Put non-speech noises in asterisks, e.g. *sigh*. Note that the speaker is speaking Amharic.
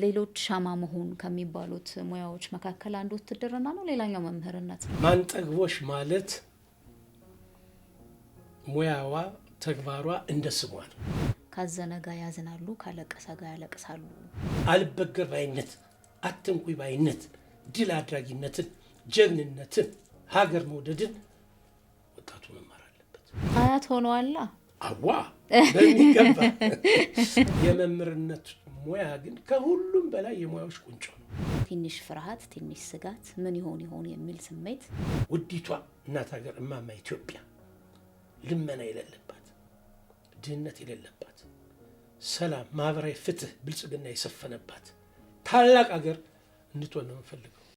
በሌሎች ሻማ መሆን ከሚባሉት ሙያዎች መካከል አንዱ ውትድርና ነው፣ ሌላኛው መምህርነት ነው። ማንጠግቦሽ ማለት ሙያዋ ተግባሯ እንደ ስሟ ነው። ካዘነ ጋ ያዝናሉ፣ ካለቀሰ ጋ ያለቅሳሉ። አልበገር ባይነት፣ አትንኩኝ ባይነት፣ ድል አድራጊነትን፣ ጀግንነትን፣ ሀገር መውደድን ወጣቱ መማር አለበት። አያት ሆነዋላ አዋ በሚገባ *laughs* የመምህርነት ሙያ ግን ከሁሉም በላይ የሙያዎች ቁንጮ ነው። ትንሽ ፍርሃት፣ ትንሽ ስጋት ምን ይሆን ይሆን የሚል ስሜት ውዲቷ እናት ሀገር እማማ ኢትዮጵያ ልመና የሌለባት ድህነት የሌለባት ሰላም፣ ማህበራዊ ፍትህ፣ ብልጽግና የሰፈነባት ታላቅ ሀገር እንድትሆን ነው የምፈልገው።